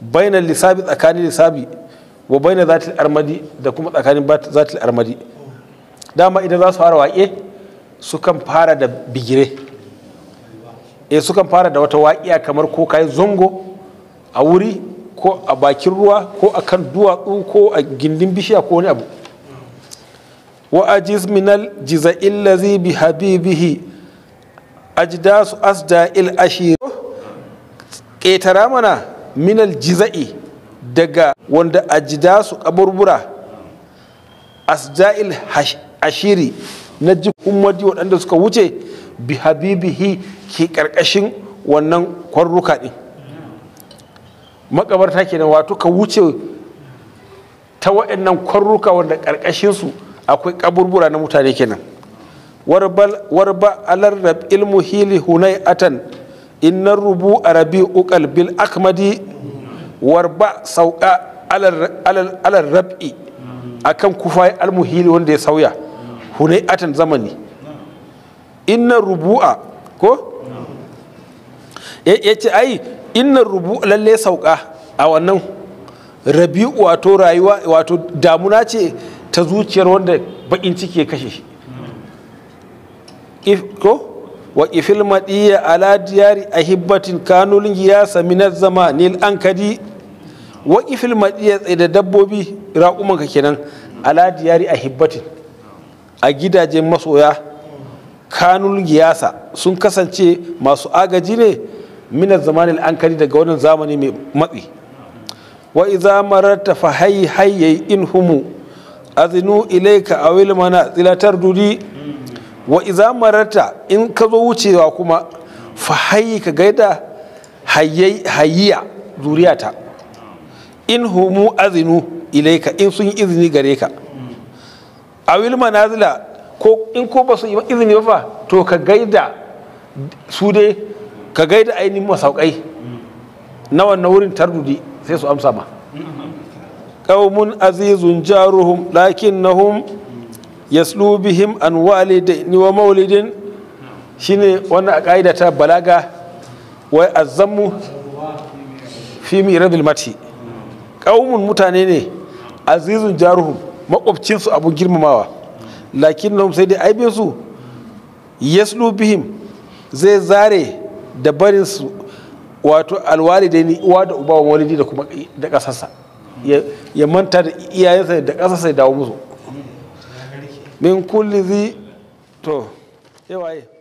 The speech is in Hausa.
bainar lissabi tsakanin lissabi wa bainar zatil armadi da kuma tsakanin zatil armadi dama idan za su fara waƙe sukan fara da bigire e sukan fara da wata waƙiya kamar ko kayan zongo a wuri ko a bakin ruwa ko a kan duwatsu ko a gindin bishiya ko wani abu wa ajiz minal jiza'il lazi bi habibihi ajdasu asda'il ashiru ƙetara mana minal jiza'i daga wanda a jida su kaburbura asja'il ashiri na jikun waje waɗanda suka wuce bi habibihi ke ƙarƙashin wannan kwarruka ɗin makabarta kenan wato ka wuce ta waɗannan kwarruka wanda ƙarƙashinsu akwai kaburbura na mutane kenan warba alar ilmu hili hunai atan inna rubu a rabi ukal bil akmadi warba sauka alal rab'i akan kufai almuhili wanda ya sauya hunai atan zamani innan rubu'a ko ya ce ai inna rubu lalle sauka a wannan rabi wato rayuwa wato damuna ce ta zuciyar wanda bakin ciki ya kashe ko wa ifil maɗiya ala diyari a hibbatin kanulin ya sami na zama nil an kadi wa ifil maɗiya tsaye da dabbobi raƙumanka kenan ala diyari a hibbatin a gidajen masoya kanul giyasa sun kasance masu agaji ne minar zamanin an kari daga wannan zamani mai matsi wa iza mararta fa in humu azinu ilaika awil mana tsilatar dudi wa iza mararta in ka zo wucewa kuma fa hayyi ka gaida hayyiya zuriyata in humu azinu ilaika in sun yi izini gare ka a wilma ko in ko ba su izini ba fa to ka gaida su dai ka gaida ainihin masaukai na wannan wurin tardudi sai su amsa ma qaumun azizun jaruhum lakinnahum yaslu bihim an walidin wa maulidin shine wannan a ƙa'ida ta balaga wai azammu fi miradil mati ƙaumun mutane ne azizun jaruhum makwabcinsu abu girmamawa lakin na sai dai aibinsu yaslu bihim zai zare da barinsu wato alwalidaini uwa da uba wa da kuma da ƙasarsa ya manta da iyayensa da ƙasarsa ya dawo musu min kulli zi to yawaye